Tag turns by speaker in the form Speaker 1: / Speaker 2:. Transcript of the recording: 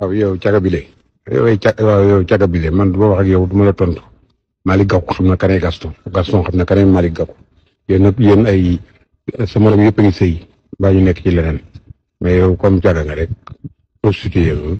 Speaker 1: waaw yow caga bi de yow waaw yow caga bi de man du ma wax ak yow du ma la tontu Malick Gakou xam na kanay Gaston Gaston xam na kanay Malick Gakou yéen nag yéen ay sa morom yëpp a ngi baa ñu nekk ci leneen mais yow comme caga nga rek prostitué